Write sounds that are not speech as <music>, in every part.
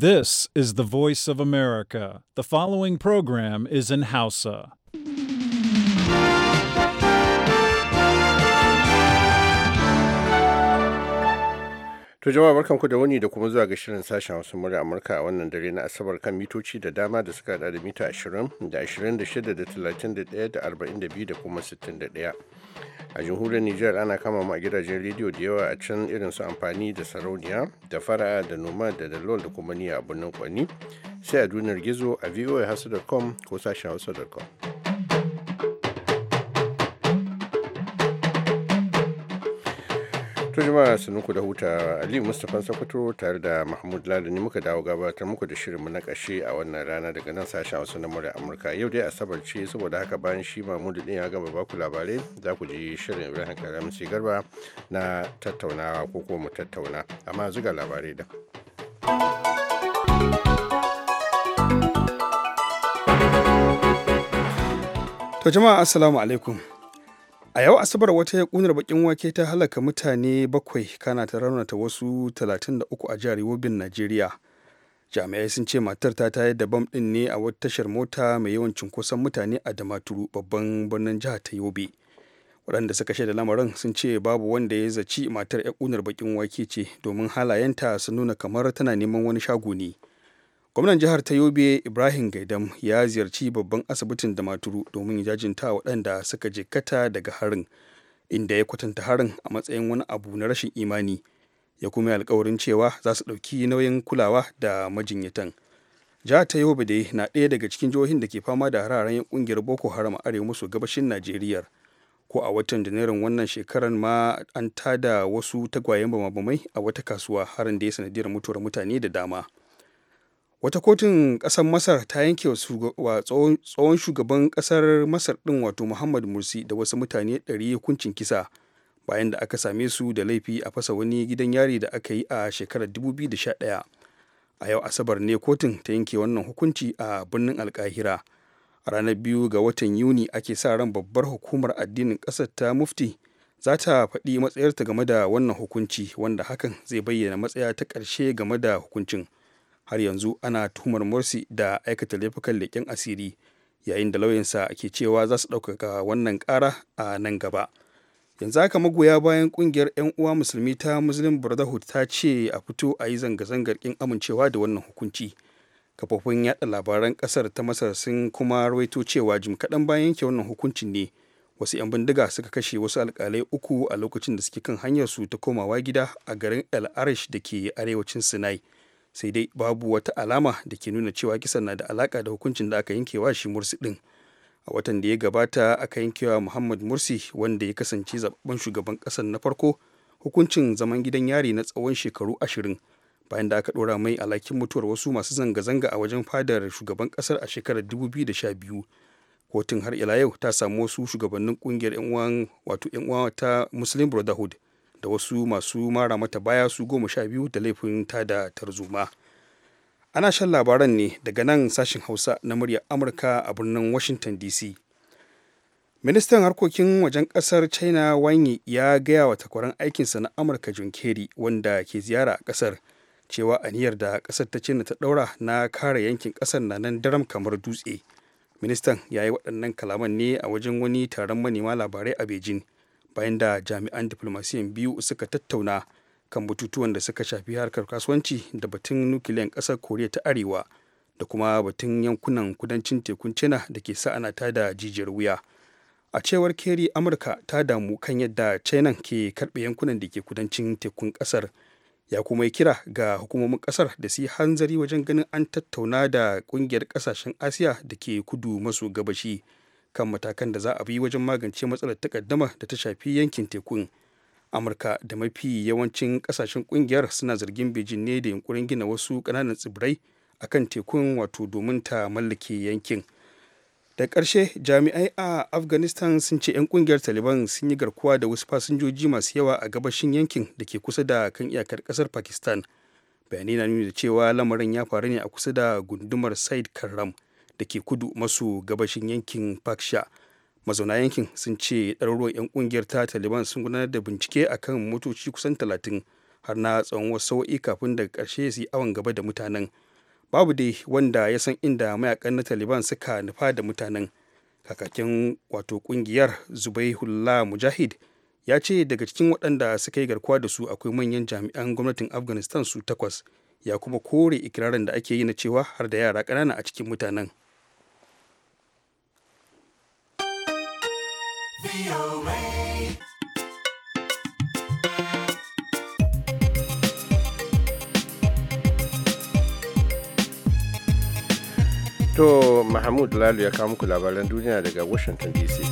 This is the voice of America. The following program is in Hausa. To jama'a barkanku da wani da kuma zuwa ga shirin sashen Hausa murya Amurka a wannan dare na Asabar kan mitoci da dama da suka hada da mita 20 da 26 da 31 da 42 da kuma 61. a jamhuriyar niger ana kama ma gidajen rediyo da yawa a can irin su amfani da sarauniya da fara'a da noma da dalol da kuma niya a birnin kwani sai a duniyar gizo a voahausa.com ko sashen hausa.com to jama'a ku da huta ali mustapha sokoto tare da mahmud ladani muka dawo gabatar muku da shirinmu na kashe a wannan rana daga nan sashen wasu na murya amurka yau dai asabar ce saboda haka bayan shi mahmud din ya gaba baku labarai za ku ji shirin ibrahim karamci garba na tattaunawa ko kuma mu tattauna amma zuga labarai da to jama'a assalamu alaikum a yau asabar wata yakunar bakin wake ta halaka mutane bakwai kana ta raunata wasu 33 a jihar yobin najeriya jami'ai sun ce matar ta tayar da bam din ne a wata tashar mota mai yawan cunkoson mutane a damaturu babban birnin jihar ta yobe waɗanda suka shaida lamarin sun ce babu wanda ya zaci matar yakunar bakin wake ce domin halayenta sun nuna kamar tana neman wani shago ne gwamnan jihar ta yobe ibrahim gaidam ya ziyarci babban asibitin da maturu domin jajinta waɗanda suka je kata daga harin inda ya kwatanta harin a matsayin wani abu na rashin imani ya kuma yi alkawarin cewa za su ɗauki nauyin kulawa da majinyatan jihar ta yobe dai na ɗaya daga cikin jihohin da ke fama da hararen kungiyar boko haram a arewa maso gabashin najeriya ko a watan janairun wannan shekarar ma an tada wasu tagwayen bamai a wata kasuwa harin da ya sanadiyar mutuwar mutane da dama wata kotun ƙasar masar ta yanke wa tsohon shugaban ƙasar masar ɗin wato muhammad mursi da wasu mutane 100 hukuncin kisa bayan da aka same su da laifi a fasa wani gidan yari da aka yi a shekarar 2011 a yau asabar ne kotun ta yanke wannan hukunci a birnin alkahira a ranar biyu ga watan yuni ake sa ran babbar hukumar addinin ƙasar ta mufti za ta faɗi matsayarta game da wannan hukunci wanda hakan zai bayyana matsaya ta ƙarshe game da hukuncin. har yanzu ana tuhumar morsi da aikata laifukan leƙen asiri yayin da lauyinsa ke cewa za su ɗaukaka wannan ƙara a nan gaba yanzu haka magoya bayan ƙungiyar 'yan uwa musulmi ta muslim brotherhood ta ce a fito a yi zanga-zangar ƙin amincewa da wannan hukunci kafofin yaɗa labaran ƙasar ta masar sun kuma rawaito cewa jim kaɗan bayan yanke wannan hukuncin ne wasu 'yan bindiga suka kashe wasu alƙalai uku a lokacin da suke kan hanyar su ta komawa gida a garin el arish da ke arewacin sinai sai dai babu wata alama da ke nuna cewa kisan na da alaka da hukuncin da aka yankewa shi mursi din a watan da ya gabata aka yankewa muhammad mursi wanda ya kasance zababben shugaban ƙasar na farko hukuncin zaman gidan yari na tsawon shekaru ashirin bayan da aka ɗora mai alhakin mutuwar wasu masu zanga-zanga a wajen fadar shugaban ƙasar a shekarar 2012 kotun har ila yau ta samu wasu shugabannin kungiyar 'yan uwan wato 'yan uwa ta muslim brotherhood da wasu masu mara mata baya su goma sha biyu da laifin tada tarzoma ana shan labaran ne daga nan sashen hausa na muryar amurka a birnin washington dc ministan harkokin wajen kasar china wani ya gaya wa takwaran aikinsa na amurka john kerry wanda ke ziyara a kasar cewa aniyar da kasar ta china ta daura na kare yankin kasar na nan daram kamar dutse ministan ya yi waɗannan kalaman ne a wajen wani taron manema labarai a beijing bayan da jami'an diflomasiyan biyu suka tattauna kan batutuwan da suka shafi harkar kasuwanci da batun nukiliyan ƙasar koriya ta arewa da kuma batun yankunan kudancin tekun china da ke sa'ana ta da jijiyar wuya a cewar keri amurka ta damu kan yadda china ke karɓe yankunan da ke kudancin tekun ƙasar ya kuma yi kira ga hukumomin ƙasar da su yi hanzari wajen ganin an tattauna da ƙungiyar ƙasashen asiya da ke kudu maso gabashi kan matakan da za a bi wajen magance matsalar takaddama da ta shafi yankin tekun amurka da mafi yawancin kasashen kungiyar suna zargin beijing ne da yunkurin gina wasu kananan tsibirai a kan tekun wato domin ta mallake yankin da karshe jami'ai a afghanistan sun ce 'yan kungiyar taliban sun yi garkuwa da wasu fasinjoji masu yawa a gabashin yankin da ke kusa da kan iyakar ƙasar pakistan bayanai na nuna cewa lamarin ya faru ne a kusa da gundumar said karram da ke kudu masu gabashin yankin paksha mazauna yankin sun ce ɗaruruwan 'yan ƙungiyar ta taliban sun gudanar da bincike a kan motoci kusan talatin har na tsawon wasu sau'i kafin daga ƙarshe su yi awon gaba da mutanen babu dai wanda ya san inda mayakan na taliban suka nufa da mutanen kakakin wato ƙungiyar zubaihullah mujahid ya ce daga cikin waɗanda suka yi garkuwa da su akwai manyan jami'an gwamnatin afghanistan su takwas ya kuma kore ikirarin da ake yi na cewa har da yara ƙanana a cikin mutanen To Mahmud Lalu ya kawo muku labaran duniya daga Washington DC.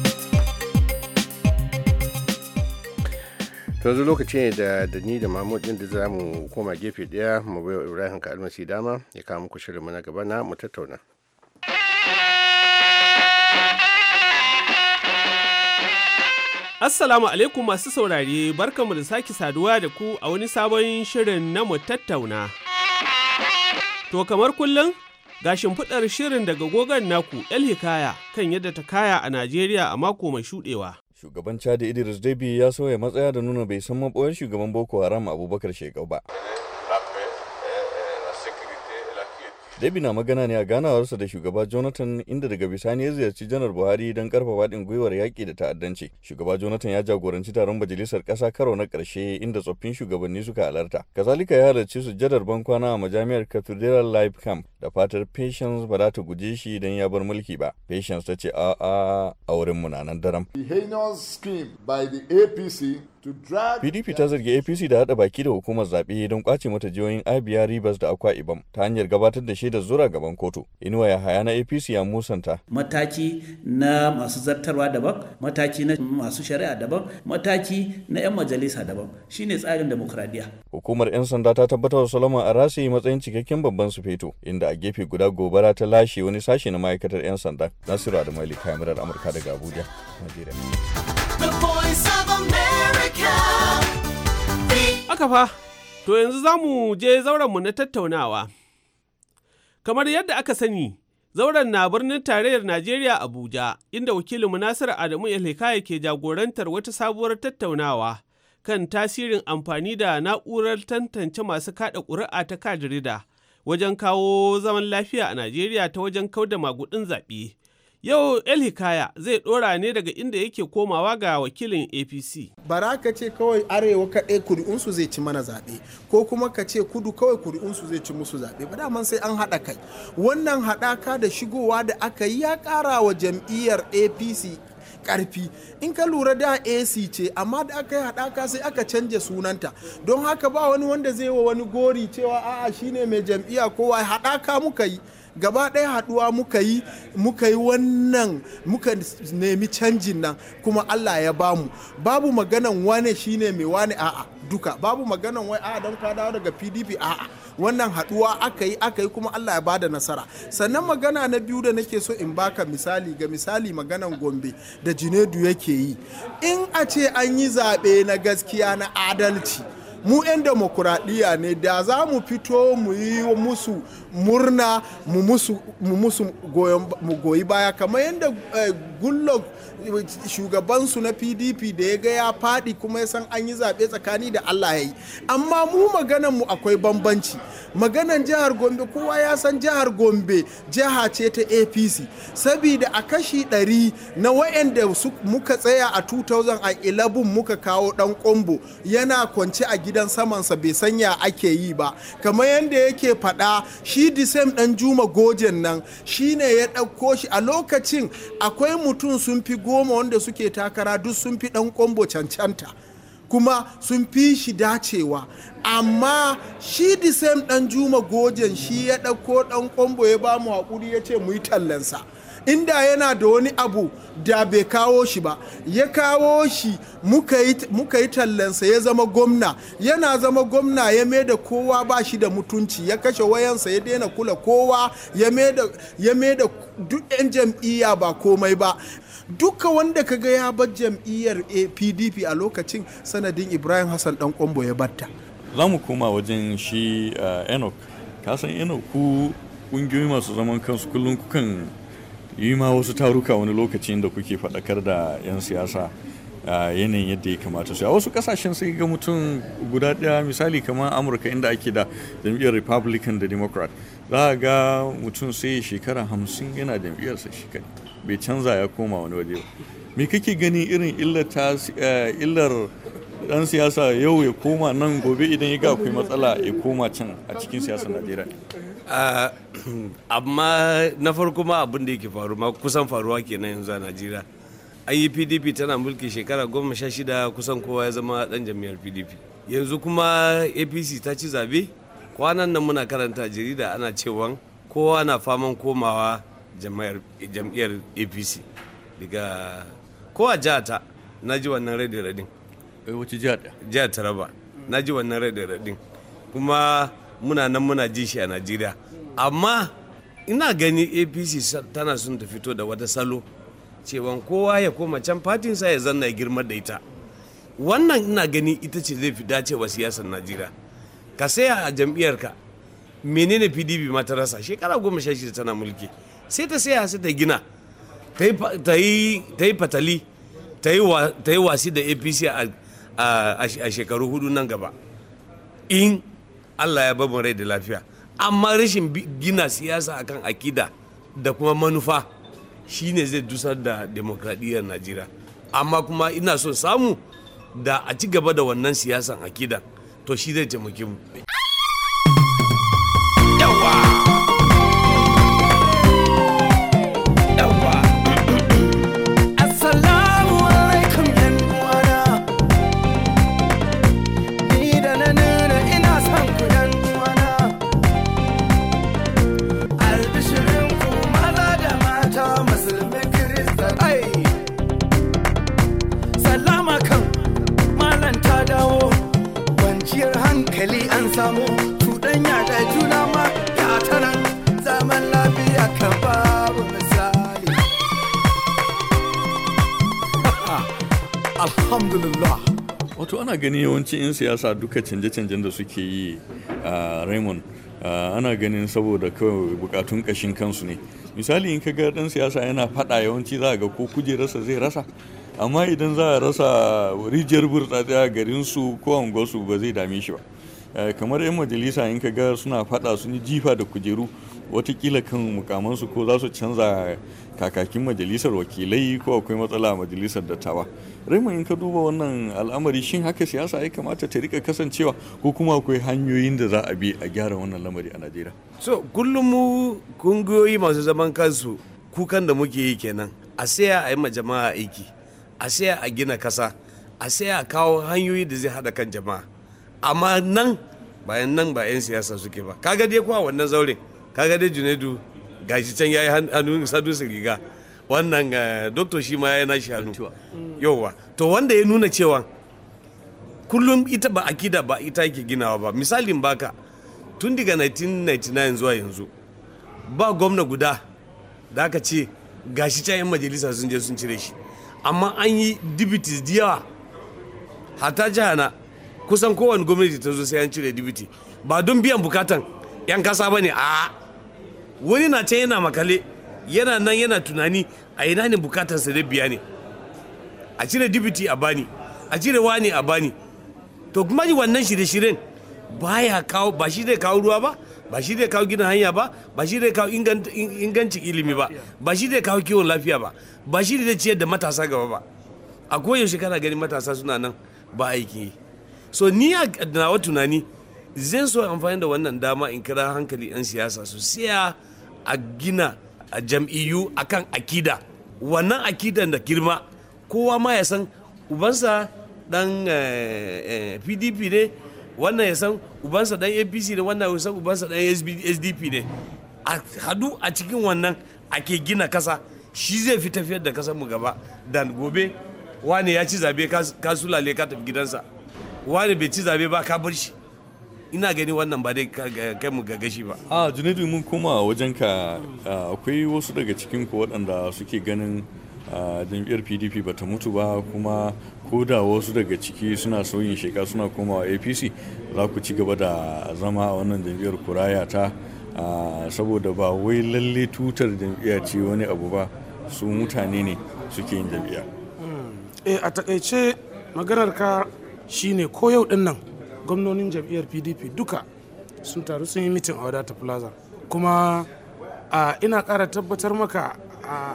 yanzu lokaci ne da da ni da Mahmud din da za mu koma gefe daya mu bai wa Ibrahim Kalmasi dama ya kawo muku shirin na gaba na mu tattauna. Assalamu alaikum masu saurare mu da sake saduwa da ku a wani sabon shirin na mu tattauna. To kamar kullum ga shimfiɗar shirin daga gogon naku El Hikaya kan yadda ta kaya a Najeriya a mako mai shuɗewa. Shugaban Chadi Idris Debi ya sauya matsaya da nuna bai san maɓoyar shugaban Boko Haram Abubakar Shekau ba. Debbie na magana ne a ganawarsa da shugaba Jonathan inda daga bisani ya ziyarci Janar Buhari don karfafa haɗin gwiwar yaƙi da ta'addanci. Shugaba Jonathan ya jagoranci taron majalisar ƙasa karo na ƙarshe inda tsoffin shugabanni suka halarta. Kazalika ya halarci sujjadar bankwana a majami'ar Cathedral Life Camp da fatar Patience ba za ta guje shi idan ya bar mulki ba. Patience ta ce a a a wurin munanan daren. PDP ta zargi APC da haɗa baki da hukumar zaɓe don kwace mata jihohin Abia Rivers da Akwa Ibom ta hanyar gabatar da shaidar zura gaban kotu. Inuwa ya haya na APC ya musanta. Mataki na masu zartarwa daban, mataki na masu shari'a daban, mataki na 'yan majalisa daban. Shine tsarin demokradiyya. Hukumar 'yan sanda ta tabbatar da Solomon Arasi matsayin cikakken babban feto inda a gefe guda gobara ta lashe wani sashe na ma'aikatar 'yan sanda nasiru adamali kamarar amurka daga abuja najeriya aka fa to yanzu za mu je mu na tattaunawa kamar yadda aka sani Zauren na birnin tarayyar Najeriya Abuja, inda Wakilin Nasiru Adamu Yalhikaya ke jagorantar wata sabuwar tattaunawa kan tasirin amfani da na'urar tantance masu kada ƙuri'a ta kajirida wajen kawo zaman lafiya a Najeriya ta wajen kauda magudin zaɓe. Yau El Hikaya zai ɗora ne daga inda yake komawa ga wakilin APC. Bara ka ce kawai arewa kaɗai kuri'unsu zai ci mana zaɓe ko kuma ka ce kudu kawai kuri'unsu zai ci musu zaɓe ba daman sai an haɗa kai. Wannan haɗaka da shigowa da aka yi ya ƙara wa jam'iyyar APC karfi in ka lura da ac ce amma da aka yi haɗaka sai aka canja sunanta don haka ba wani wanda zai wa wani gori cewa a'a shine mai jam'iyya kowa haɗaka muka yi gaba ɗaya haɗuwa muka yi muka yi wannan muka nemi canjin nan kuma allah ya bamu babu maganan wane shine mai wane a'a duka babu maganan wai a ah, don ka dawo daga pdp a wannan haduwa aka yi aka yi kuma allah ya bada nasara sannan magana na biyu da nake so in baka misali ga misali maganan gombe da jinedu yake yi in a ce an yi zaɓe na gaskiya na adalci mu 'yan demokuraɗiyya ne da za mu fito mu yi musu murna mu musu goyi baya kamar yadda eh, gullog shugabansu na pdp da ya ga ya faɗi kuma ya san an yi zaɓe tsakani da allah ya yi amma mu maganan mu akwai bambanci maganan jihar gombe kowa ya san jihar gombe jiha ce ta apc sabida a kashi ɗari na wa'anda muka tsaya a a ilabun muka kawo ɗan kombo yana kwance a gidan samansa bai sanya ake yi ba kamar yadda yake faɗa shi disem ɗan juma gojen nan shi ne ya ɗauko shi a lokacin akwai mu mutum sun fi goma wanda suke takara duk sun fi dan kwambo cancanta kuma sun fi shi dacewa amma shi the same dan juma gojen shi ya ɗauko dan kwambo ya ba mu haƙuri ya ce mu yi tallansa inda yana da wani abu da bai kawo shi ba ya kawo shi muka yi tallansa ya zama gwamna yana zama gwamna ya mai da kowa ba shi da mutunci ya kashe wayansa ya daina kula kowa ya mai da duk 'yan jam'iyya ba komai ba duka wanda ka ga ya bar jam'iyyar pdp a lokacin sanadin ibrahim hassan dan kwambo ya batta za mu koma wajen shi eh, enoch kasan enoch ku ƙungiyoyi masu zaman kansu kullum kukan yi ma wasu taruka wani lokacin da kuke faɗakar da 'yan siyasa a yanayin yadda ya kamata su a wasu kasashen sai ga mutum guda ɗaya misali kamar amurka inda ake da jam'iyyar republican da democrat za a ga mutum sai shekara hamsin yana jam'iyyarsa shi kai bai canza ya koma wani waje ba me kake gani irin illar dan siyasa yau ya koma nan gobe idan ya ga akwai matsala ya koma can a cikin siyasar najeriya Ah, <clears throat> amma na farko ma abin da yake faru ma kusan faruwa kenan yanzu a najeriya an yi pdp tana mulki shekara goma sha shida kusan kowa ya zama dan jam'iyyar pdp yanzu kuma apc ta ci zabe kwanan nan muna karanta jarida ana cewa kowa na faman komawa jam'iyyar apc daga kowa jata na ji wannan radin eh, wace jihar taraba na ji wannan rai radin kuma muna nan muna jin shi a najeriya amma ina gani apc tana sun ta fito da wata salo cewan kowa ya koma can fatin sa ya zanna ya girma da ita wannan ina gani ita ce zai fi dacewa siyasar najeriya ka saya a ka menene pdp ma ta rasa shekara goma sha shida tana mulki sai ta saya sai ta gina ta yi fatali ta yi wasi da apc a shekaru hudu nan gaba in Allah ya babu rai da lafiya amma rashin gina siyasa akan akida da kuma manufa shine zai dusar da demokradiyyar Najeriya amma kuma ina son samu da a ci gaba da wannan siyasan akida to shi zai taimake mu alhamdulillah wato ana gani yawancin 'yan siyasa duka canje-canjen da suke yi a raymond ana ganin saboda kawai bukatun kashin kansu ne misali in ka ga dan siyasa yana fada yawanci za a ga ko kujerarsa zai rasa amma idan za a rasa rijiyar burtsatse a garin su ko su ba zai dame shi ba kamar 'yan majalisa in ka ga suna fada sun yi jifa da kujeru watakila kan mukamansu ko za su canza kakakin majalisar wakilai ko akwai matsala a majalisar dattawa Raymond in ka duba wannan al'amari shin haka siyasa ya kamata ta rika kasancewa ko kuma akwai hanyoyin da za a bi a gyara wannan lamari a najeriya so kullum mu kungiyoyi masu zaman kansu kukan da muke yi kenan a saya a yi ma jama'a aiki a saya a gina kasa a saya a kawo hanyoyi da zai haɗa kan jama'a amma nan bayan nan ba 'yan siyasa suke ba kaga dai kuwa wannan zaure, kaga dai junaidu gashi can ya yi hannun sadu riga wannan eh, doktor shi ma ya na shanu mm. yauwa to wanda ya nuna cewa kullum ita ba akida ba ita yake ginawa ba misalin baka tun daga 1999 zuwa yanzu ba gwamna guda da aka ce gashi can 'yan majalisa sun je sun cire shi amma an yi dibitis da yawa hata jihana kusan kowane gwamnati ta zo sai an cire dibiti ba don biyan bukatan 'yan kasa ba ne a wani na can yana makale yana nan yana tunani a ina ne bukatar da biya ne a cire dibiti a bani a cire wani a bani to kuma wannan shirye-shiryen baya kawo ba shi zai kawo ruwa ba ba shi zai kawo gina hanya ba ba shi zai kawo ingancin ilimi ba ba shi zai kawo kiwon lafiya ba ba shi zai ciyar da matasa gaba ba a koyaushe kana gani matasa suna nan ba aiki so ni a nawa tunani zan so amfani da wannan dama in kira hankali 'yan siyasa su siya a gina a jam'iyyu akan akida wannan akidan da girma kowa ma ya san ubansa dan pdp eh, eh, ne wannan ya san ubansa dan apc ne wannan ya san ubansa dan sdp ne a hadu a cikin wannan ake gina kasa shi zai fi tafiyar da kasar mu gaba dan gobe wani ya ci zabe ka sulale ka tafi gidansa wani bai ci zabe ba ka bar shi ina gani wannan ba dai kai mu gagashi ba a ah, junaidu mun koma wajen ka ah, akwai wasu daga cikin ku waɗanda suke ganin ah, jam'iyyar pdp ba ta mutu ba kuma ko da wasu daga ciki suna sauyin sheka suna komawa apc za ku ci gaba da zama a wannan jam'iyyar kuraya ta saboda ba wai lalle tutar jam'iyya ce wani abu ba su mutane ne suke yin jam'iyya hmm. eh, a takaice maganar ka shine ko yau din nan gwamnonin jam'iyyar pdp duka sun taru sun yi mitin a wadata plaza kuma ina kara tabbatar maka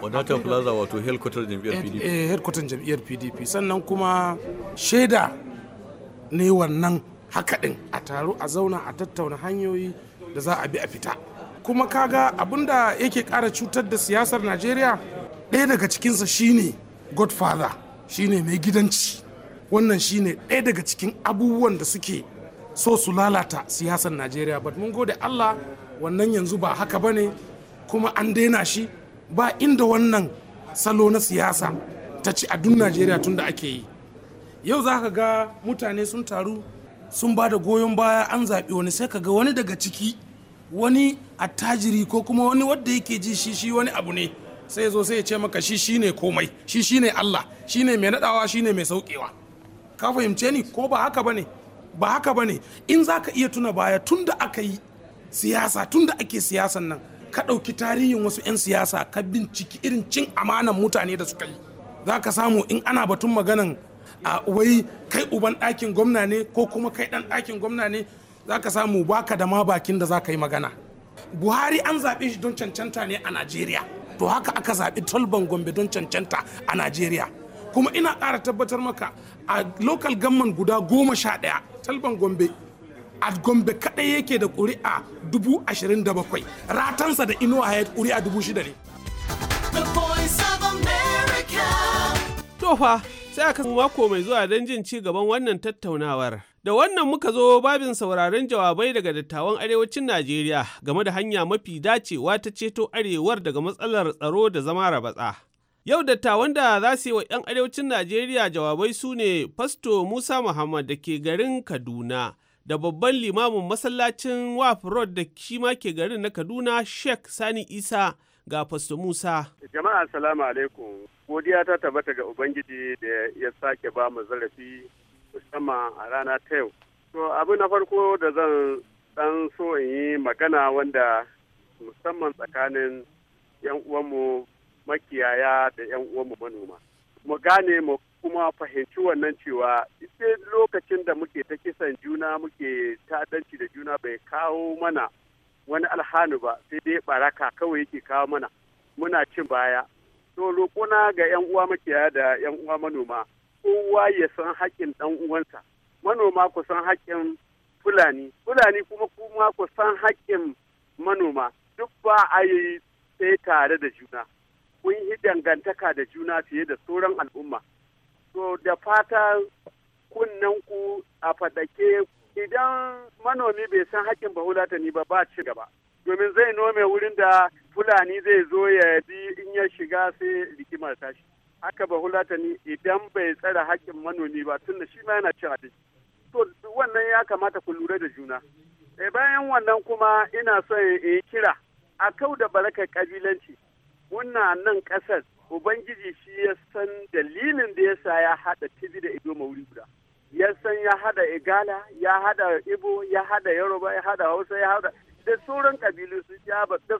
wadata plaza wato headquarter jam'iyyar pdp eh, eh, sannan kuma shaida ne wannan haka a taru a zauna a tattauna hanyoyi da za a bi a fita kuma kaga abinda yake ƙara cutar da siyasar najeriya ɗaya daga cikinsa shine godfather shine mai gidanci wannan shine ɗaya daga cikin abubuwan da suke so su lalata siyasar najeriya but mun gode allah wannan yanzu ba haka ba ne kuma an daina shi ba inda wannan salo na siyasa ta ci a duk najeriya tun da ake yi yau za ka ga mutane sun taru sun ba da goyon baya an zaɓi wani sai ka ga wani daga ciki wani attajiri ko kuma wani wadda yake ji shi shi wani abu ne sai zo sai ya ce maka shi shine komai shi shine allah shine mai naɗawa shine mai saukewa ka fahimce ni ko ba haka bane ba haka bane in za ka iya tuna baya tun da aka yi siyasa tun da ake siyasan nan ka ɗauki tarihin wasu 'yan siyasa ka binciki irin cin amanan mutane da suka yi za ka samu in ana batun maganan a wai kai uban ɗakin gwamna ne ko kuma kai ɗan ɗakin gwamna ne za ka samu baka da ma bakin da za ka yi magana buhari an zaɓe shi don cancanta ne a najeriya to haka aka zaɓi talban gombe don cancanta a najeriya kuma ina ƙara tabbatar maka a local gamman guda goma sha ɗaya talban gombe a gombe kaɗai yake da ƙuri'a dubu ashirin da bakwai ratansa da inuwa ya ƙuri'a dubu shida ne tofa sai aka mako mai zuwa don jin ci gaban wannan tattaunawar da wannan muka zo babin sauraron jawabai daga dattawan arewacin najeriya game da hanya mafi dacewa ta ceto arewar daga matsalar tsaro da zama rabatsa Yau dattawan da za su yi wa 'yan arewacin Najeriya jawabai su ne Fasto Musa Muhammad da ke garin Kaduna da babban limamin masallacin Waf Road da shi ma ke garin na Kaduna Sheikh Sani Isa ga Fasto Musa. Jama'a salamu alaikum. Godiya ta tabbata ga Ubangiji da ya sake ba mu zarafi musamman a rana ta yau. To abu na farko da zan dan so in yi magana wanda musamman tsakanin 'yan uwanmu makiyaya da 'yan uwanmu manoma mu gane mu kuma fahimci wannan cewa sai lokacin da muke ta kisan juna muke ta'addanci da juna bai kawo mana wani alhanu ba sai dai baraka kawai yake kawo mana muna cin baya to roƙona ga 'yan uwa makiyaya da 'yan uwa manoma kowa ya san haƙƙin ɗan uwansa manoma ku san haƙƙin fulani fulani kuma kuma ku san haƙƙin manoma duk ba a yi sai tare da juna kun yi dangantaka da juna fiye da sauran al'umma. So da fata kunnen ku a fadake idan manomi bai san haƙƙin bahulatani ba ba ci gaba. Domin zai nome wurin da Fulani zai zo ya bi in ya shiga sai rikimar tashi. Haka ni idan bai tsara haƙƙin manomi ba tun da shi ma yana cin abinci. To wannan ya kamata ku lura da juna. Eh, bayan wannan kuma ina son in kira a kau da barakar kabilanci muna nan ƙasar ubangiji shi ya san dalilin da yasa ya haɗa tibi da ido mauri guda ya san ya haɗa igala ya haɗa ibo ya haɗa yoruba ya haɗa hausa ya haɗa da sauran kabilu su jaba da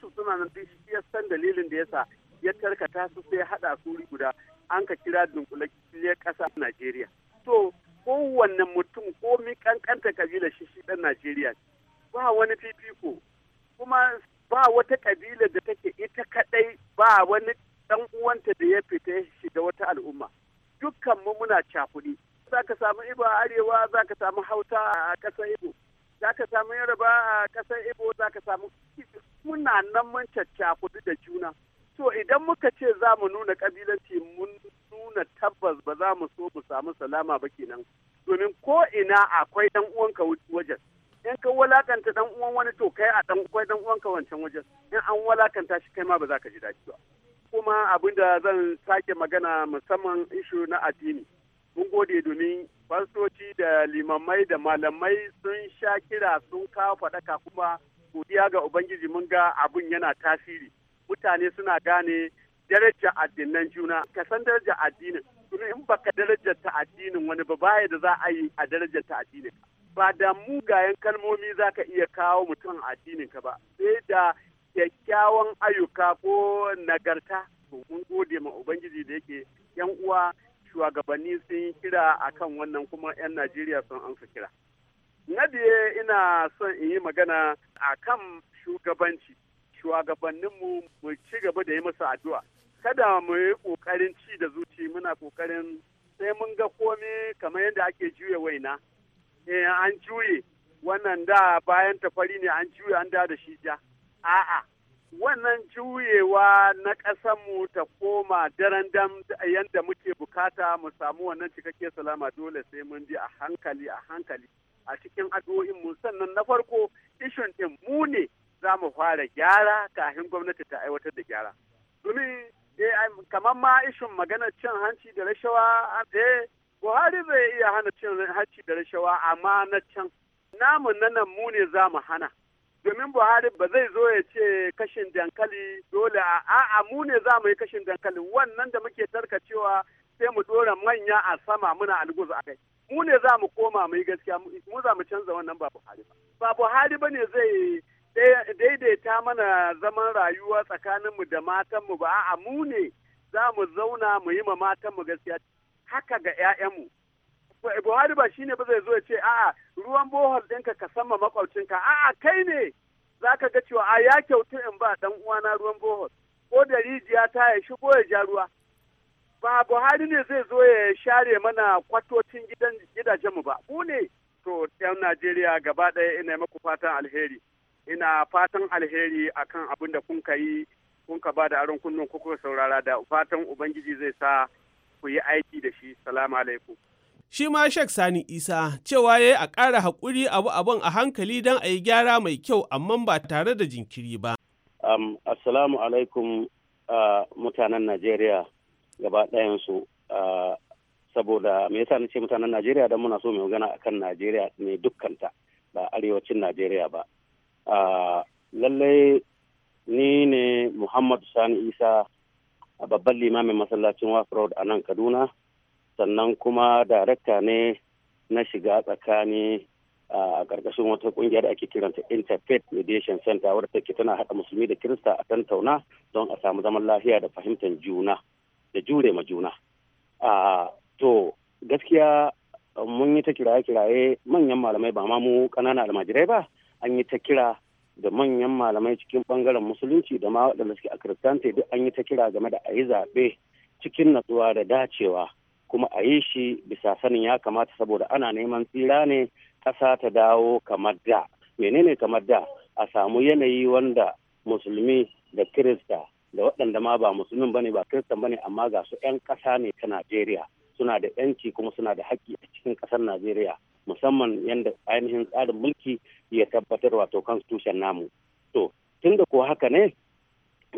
su suna nan shi ya san dalilin da yasa ya tarkata su sai ya haɗa su guda an ka kira dunkulakiliyar ƙasa Najeriya. To kowanne mutum ko mi kankanta kabila shi shi dan Najeriya ba wani fifiko kuma ba wata kabila da take ita kadai ba wani dan uwanta da ya fita shiga wata al'umma dukkan mu muna cakudi za ka samu ibo a arewa za ka samu hauta a ƙasar ibo za ka samu yaraba a ƙasar ibo za ka samu muna nan mun cakudi da juna To idan muka ce za mu nuna kabilanci mun nuna tabbas ba za mu so mu samu salama ba kenan domin ko ina akwai dan uwanka wajen in ka walakanta dan uwan wani to kai a dan kai dan ka wancan wajen in an walakanta shi kai ma ba za ka ji daɗi ba kuma abin da zan sake magana musamman ishu na addini mun gode domin fastoci da limamai da malamai sun sha kira sun kawo faɗaka kuma godiya ga ubangiji mun ga abin yana tasiri mutane suna gane daraja addinan juna ka san daraja addinin kuma in baka darajar ta addinin wani ba baya da za a yi a darajar ta addinin ba da mugayen kalmomi za ka iya kawo mutum a addininka ba sai da kyakkyawan ayyuka ko nagarta to mun gode ma ubangiji da yake yan uwa shugabanni sun kira akan wannan kuma yan najeriya sun amsa kira na biye ina son in yi magana akan shugabanci shugabanninmu mu ci gaba da yi masa addu'a kada mu yi ƙoƙarin ci da zuci muna ƙoƙarin sai mun ga komai kamar yadda ake juya waina Eh, an juye wannan da bayan tafari ne an juye an da da shi ja a'a wannan juyewa na mu ta koma daren dam yadda muke bukata mu samu wannan cikakke salama dole sai mun ji a hankali a hankali a cikin addu'o'in mu sannan na farko ishin ɗin mu ne za mu fara gyara kafin gwamnati ta aiwatar da gyara domin eh, kamar ma ishin maganar cin hanci da rashawa eh Buhari zai iya hana cin hacci da rashawa amma na can. Namu na nan mu ne za mu hana. Domin Buhari ba zai zo ya ce kashin dankali dole a mu ne za mu yi kashin dankali wannan da muke tarkacewa sai mu dora manya a sama muna alguzu a kai. Mu ne za mu koma mu yi gaskiya mu za mu canza wannan ba Buhari ba. Ba Buhari ba ne zai daidaita mana zaman rayuwa tsakaninmu da matanmu ba a'a mu ne za mu zauna mu yi ma matanmu gaskiya haka ga 'ya'yanmu. Eh, Buhari ba shine ba zai zo ya ce a'a ruwan bohol ɗinka ka sama makwabcinka a'a kai ne za ka ga cewa a ya kyautu in ba dan uwana ruwan bohol ko da rijiya ta ya shigo ya ja ruwa ba Buhari ne zai zo ya share mana kwatocin gidajen mu ba mu ne to yan Najeriya gaba ɗaya ina maku fatan alheri ina fatan alheri akan abin da kun ka yi kun ka ba da aron kunnen kuka saurara da fatan ubangiji zai sa ku yi aiki da shi salamu alaikum shi ma shek Sani Isa cewa ya yi a ƙara haƙuri abu abun a hankali don a yi gyara mai kyau amma ba tare da jinkiri ba. Um, assalamu alaikum mutanen Najeriya gaba ɗayansu saboda me yasa na ce mutanen Najeriya don muna so mai magana kan Najeriya ne dukkanta ba arewacin Najeriya ba. Uh, Lallai ni ne Muhammadu Sani Isa A babban limamin masallacin waf road a nan kaduna sannan kuma darakta ne na shiga tsakani a ƙarƙashin wata ƙungiyar da ake kiranta interfaith mediation center wadda take tana haɗa musulmi da kirista a tantauna don a samu zaman lafiya da fahimtar juna da jure ma juna to gaskiya mun yi ta kiraye-kiraye manyan malamai ba ma mu ƙananan almajirai ba an yi ta kira da manyan malamai cikin bangaren musulunci da ma waɗanda suke a kiristante duk an yi ta kira game da a yi zaɓe cikin natsuwa da dacewa kuma a yi shi bisa sanin ya kamata saboda ana neman tsira ne ƙasa ta dawo kamar da menene kamar da a samu yanayi wanda musulmi da kirista da waɗanda ma ba musulmin bane ba kiristan bane amma ga su 'yan ƙasa ne ta najeriya suna da yanci kuma suna da haƙƙi a cikin ƙasar najeriya musamman yadda ainihin tsarin mulki ya tabbatar wato constitution namu to tun da kuwa haka ne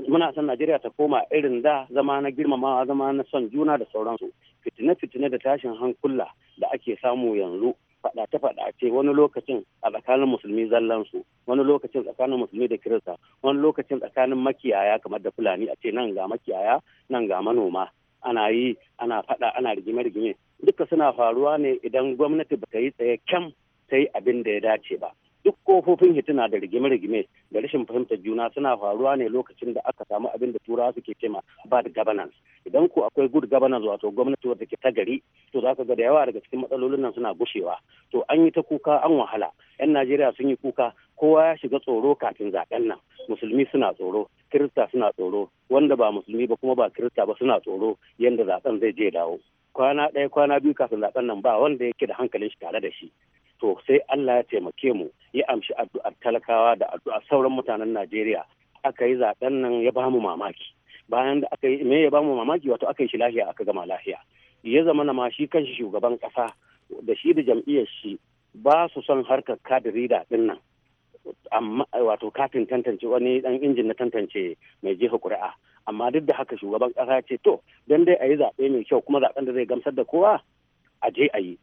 muna san najeriya ta koma irin da zama na girmamawa zama na son juna da sauransu fitine-fitine da tashin hankula da ake samu yanzu faɗace faɗace wani lokacin a tsakanin musulmi zallansu wani lokacin tsakanin musulmi da kirista wani lokacin tsakanin makiyaya kamar da fulani a ce nan ga makiyaya nan ga manoma ana yi ana faɗa ana rigime-rigime duka suna faruwa ne idan gwamnati ba ta yi tsaye kyam ta yi abin da ya dace ba duk kofofin hituna da rigime-rigime da rashin fahimtar juna suna faruwa ne lokacin da aka samu abin da turawa suke cema bad governance idan ko akwai good governance wato gwamnati wadda ke tagari to za ka ga da yawa daga cikin matsalolin nan suna gushewa to an yi ta kuka an wahala yan najeriya sun yi kuka kowa ya shiga tsoro kafin zaben nan musulmi suna tsoro kirista suna tsoro wanda ba musulmi ba kuma ba kirista ba suna tsoro yadda zaben zai je dawo kwana ɗaya kwana biyu kafin zaben nan ba wanda yake da hankalin shi tare da shi to sai Allah ya taimake mu ya amshi addu'ar talakawa da addu'ar sauran mutanen Najeriya aka yi zaben nan ya bamu mamaki bayan da aka yi me ya bamu mamaki wato aka yi shi lahiya aka gama lahiya ya zama na ma shi kanshi shugaban kasa da shi da jam'iyyar shi ba su son harkar kadiri da din nan wato katin tantance wani dan injin na tantance mai jefa kuri'a amma duk da haka shugaban ya ce to don dai a yi zaɓe mai kyau kuma zaɓen da zai gamsar da kowa a je a yi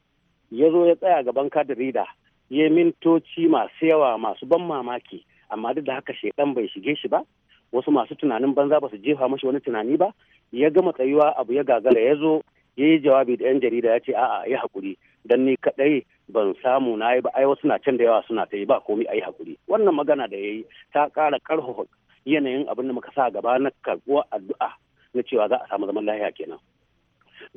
ya zo ya tsaya gaban kadirida ya mintoci masu yawa masu ban mamaki amma duk da haka shekan bai shige shi ba wasu masu tunanin banza ba su jefa mashi wani tunani ba ya gama tsayuwa abu ya gagara ya zo ya yi jawabi da yan jarida ya ce a'a ya haƙuri dan ni kadai ban samu na yi ba ai wasu na can da yawa suna ta yi ba komai ai hakuri wannan magana da yayi ta kara ƙarfafa yanayin abin da muka sa gaba na karbuwa addu'a na cewa za a samu zaman lafiya kenan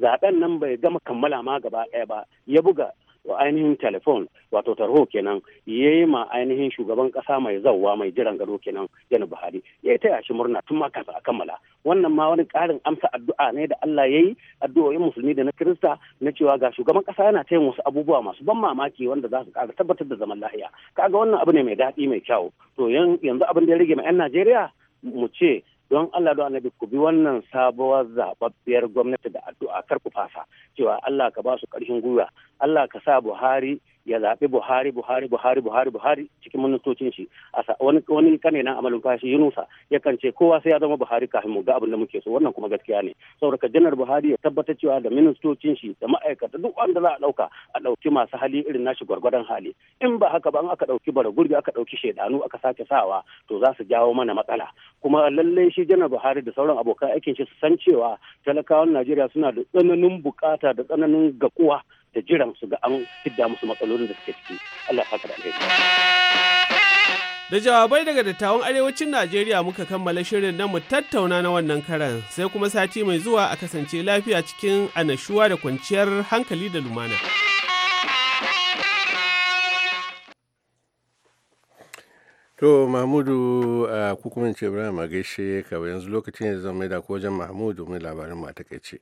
zaben nan bai gama kammala ma gaba ɗaya ba ya buga wa ainihin telefon wato tarho kenan ya yi ma ainihin shugaban kasa mai zauwa mai jiran gado kenan yana buhari ya taya shi murna tun ma kafin a kammala wannan ma wani karin amsa addu'a ne da allah ya yi addu'o'in musulmi da na kirista na cewa ga shugaban kasa yana tayin wasu abubuwa masu ban mamaki wanda za su kara tabbatar da zaman lahiya kaga wannan abu ne mai daɗi mai kyau to yanzu abin da ya rage ma 'yan najeriya mu ce don Allah da annabi ku bi wannan sabuwar zababbiyar gwamnati da addu'a kar ku fasa cewa Allah ka ba su ƙarshen gwiwa Allah ka sa Buhari ya zaɓi Buhari Buhari Buhari Buhari Buhari cikin ministocin shi a wani wani kane nan amalin kashi Yunusa yakan ce kowa sai ya zama Buhari kafin mu ga abin da muke so wannan kuma gaskiya ne saboda janar Buhari ya tabbatar cewa da ministocin shi da ma'aikata duk wanda za a ɗauka a ɗauki masu hali irin nashi gwargwadon hali in ba haka ba an aka ɗauki bara gurbi aka ɗauki shaidanu aka sake sawa to za su jawo mana matsala kuma lallai shi janar Buhari da sauran abokan aikin shi su san cewa talakawan Najeriya suna da tsananin bukata da tsananin gakuwa da jiran su ga an fidda musu matsalolin da suke ciki Allah ya da alheri Da jawabai daga dattawan arewacin Najeriya muka kammala shirin na mu tattauna na wannan karan sai kuma sati mai zuwa a kasance lafiya cikin anashuwa da kwanciyar hankali da lumana. To Mahmudu a uh, ce Ibrahim a gaishe ka yanzu lokacin da zan maida ko wajen Mahmudu mai labarin matakaice.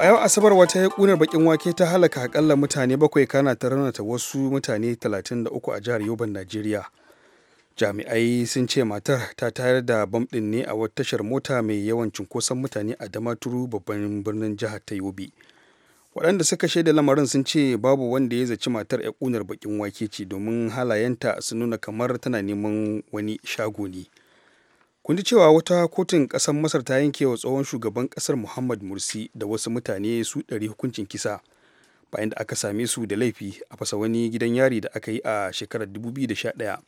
a yau Asabar wata ya kunar bakin wake ta halaka akalla mutane bakwai kana ta ranata wasu mutane 33 a jihar Yoban Najeriya. Jami'ai sun ce matar ta tayar da bam ɗin ne a wata tashar mota mai yawan cunkoson mutane a Damaturu babban birnin jihar ta Yobe. Waɗanda suka shaida lamarin sun ce babu wanda ya zaci matar ya kunar bakin wake ce domin halayenta su nuna kamar tana neman wani shago ne. kun ji cewa wata kotun ƙasar masar ta yanke wa tsohon shugaban ƙasar muhammad mursi da wasu mutane su ɗari hukuncin kisa bayan da aka same su da laifi a fasa wani gidan yari da aka yi a shekarar 2011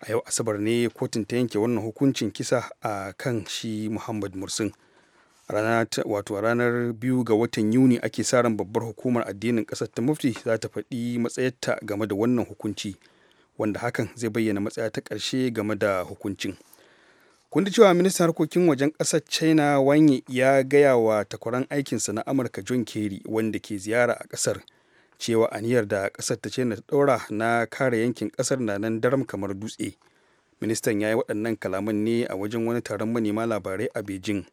a yau asabar ne kotun ta yanke wannan hukuncin kisa a kan shi muhammad mursin wato a ranar biyu ga watan yuni ake sa ran babbar hukumar addinin ƙasar ta mufti za ta faɗi matsayarta game da wannan hukunci wanda hakan zai bayyana matsaya ta ƙarshe game da hukuncin kun da cewa ministan harkokin wajen kasar china wanye ya gaya wa takwaran aikinsa na amurka john kerry wanda ke ziyara a ƙasar cewa aniyar da kasar ta china ta ɗaura na kare yankin kasar na nan daram kamar dutse ministan ya yi waɗannan kalaman ne a wajen wani taron manema labarai a beijing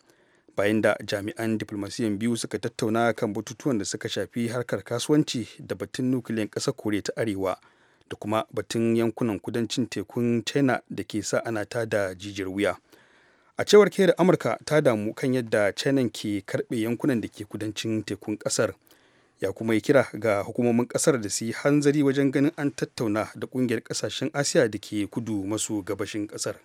bayan da jami'an diflomasiyan biyu suka tattauna kan batutuwan da suka shafi harkar kasuwanci da batun nukiliyan ƙasar koriya ta arewa da kuma batun yankunan kudancin tekun china da ke sa ana ta da jijiyar wuya a cewar kera amurka ta damu kan yadda china ke karbe yankunan da ke kudancin tekun kasar ya kuma yi kira ga hukumomin kasar da su yi hanzari wajen ganin an tattauna da kungiyar kasashen asiya da ke kudu masu gabashin kasar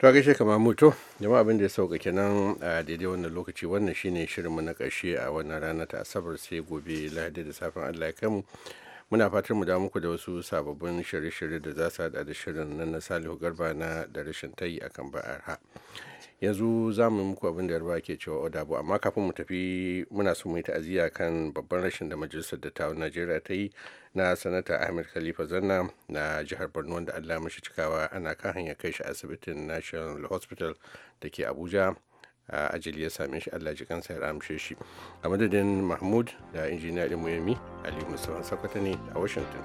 to a gaishe kama mutu jama'a abin da ya sauka kenan a daidai wannan lokaci wannan shine shirinmu na ƙarshe a wannan ranar ta asabar sai gobe lahadi da safin allah ya kai mu muna fatan mu da muku da wasu sababbin shirye-shirye da za su hada da shirin nan na salihu garba na da rashin tayi akan ba'arha yanzu za mu muku abin da yarba ke cewa odabo amma kafin mu tafi muna so mu yi ta'aziyya kan babban rashin da majalisar dattawan najeriya ta yi na sanata ahmed khalifa zanna na jihar borno wanda allah mashi cikawa ana kan hanyar kai shi asibitin national hospital da ke abuja ajali ya same shi allah ji kansa ya ramshe shi a madadin mahmud da injiniya ɗin muyami ali musamman sakwata ne a washington